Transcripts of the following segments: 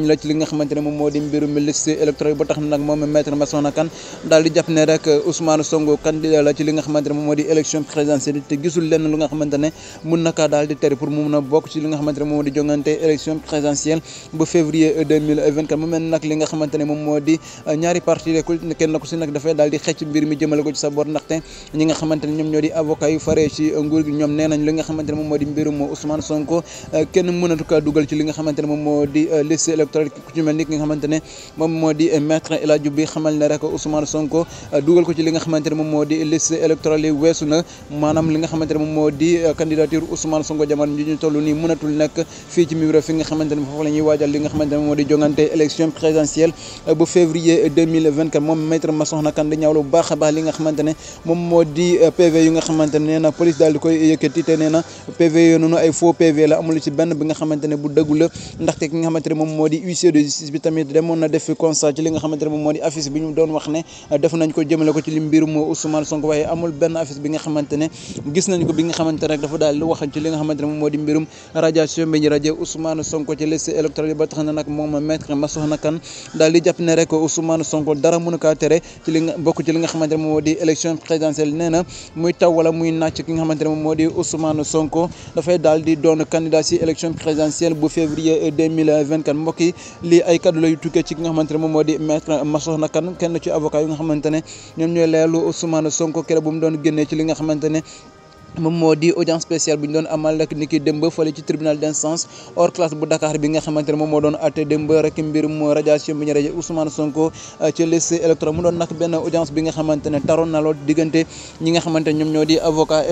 nañ mu mun a li nga xamante mu moo di ñaari parti kenn ku si nag dafay daal di xëcc mbir mi jëmale ko ci sa bor ndaxte ñi nga xamante ne moo di mbirum Ousmane Sonko kenn mënatu kaa dugal ci li nga xamante ne moo di liste tëral ku ci mel ni ki nga xamante ne moom moo di maître El Hadji bi xamal ne rek Ousmane Sonko euh, dugal ko ci li nga xamante ne moom moo di liste électorale yi weesu na maanaam li nga xamante ne moom moo di euh, candidature Ousmane Sonko jamono ji ñu toll nii mënatul nekk fii ci mibra fi nga xamante ne foofu la ñuy waajal li nga xamante ne moom moo di jongante élection présidentielle euh, bu février 2024 moom maître Massokhna Kane di ñaawlu bu baax a baax li nga xamante ne moom moo di PV yu nga xamante ne nee na police daal di koy yëkkati te nee na PV yooyu noonu ay faux PV la amul ci benn bi nga xamante ne bu dëggu la ndaxte ki nga xamante moom moo di huissier de justice bi tamit demoon na def constat ci li nga xamante ne moom moo di affiche bi ñu doon wax ne def nañ ko jëmale ko ci li mbirum Ousmane Sonko daal di wax ci li moom moo di mbirum radiation bi ñu rajo Ousmane Sonko ci liste électorale ba nga bokk ci li moom moo di élection présidentielle nee na muy taw dafay daal di doon candidat élection présidentielle bu février mbokk i lii ay kaddu la yu tukkee ci nga xamante ne moom moo di maître Massokhna Kane kenn ci avocat yu nga xamante ne ñoom ñooy leerlu Ousmane Sonko kere bu mu doon génnee ci li nga xamante ne moom moo di audience spéciale bu ñu doon amal rek ni ki démb fële ci tribunal d' instance hors classe bu Dakar bi nga xamante ne moom moo doon atte démb rek mbirum radiation bi ñu rajo Ousmane Sonko euh, ci bi nga xamante na lool diggante nga xamante ne ñoom di avocat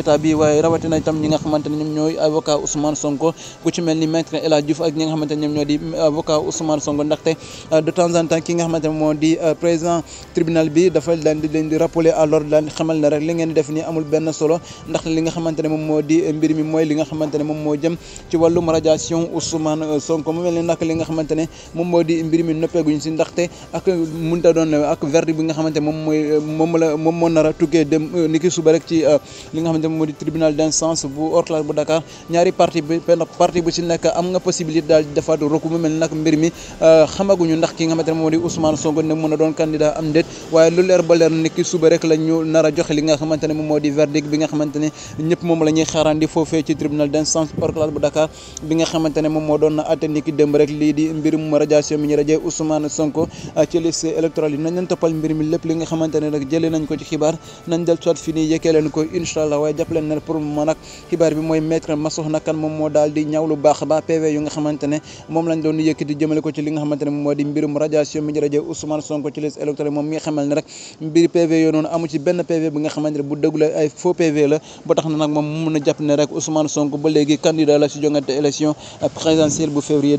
ne ñoom ñooy avocat Ousmane Sonko ku ci ni maître El Hadj Diouf ak ñi nga xamante ne ñoom ñoo di avocat Ousmane Sonko ndaxte euh, ki nga xamante ne moo di euh, président tribunal bi dafa daan di leen di rappeler à l'ordre daan xamal ne rek li ngeen def ni amul benn solo ndaxte nga xamante ne moom moo di mbir mi mooy li nga xamante ne moom moo jëm ci wàllum radiation Ousmane Sonko mu mel ne nag li nga xamante ne moom moo di mbir mi noppeeguñ si ndaxte ak mënta doon ak verdict bi nga xamante moom mooy moom la moom moo nar a tukkee dem euh, ni ki suba rek ci euh, li nga xamante ne moom moo di tribunal d'instance bu Orclair bu Dakar ñaari parti bi benn parti bu si nekk am nga possibilité daal di defaat recours mu mel ne nag mbir mi euh, xamaguñu ndax ki nga xamante ne moom moo di Ousmane Sonko ne mën a doon candidat am déet waaye lu leer ba leer ni ki suba rek la ñu nar a joxe li nga xamante ne moom moo di verdict bi nga xamante ne ñëpp moom la ñuy xaarandi foofee ci tribunal d'instance parclage bu Dakar bi nga xamante ne moom moo doon di ah, mbir mu radiation mu nag xibaar Sonko ci liste moom mi nga rek mbir PV yoo noonu amu ci benn PV bi nga xamante bu dëgg la PV la ba tax na nag moom mu mën a jàpp ne rek Ousmane Sonko ba léegi candidat la si jongante élection présidentielle bu février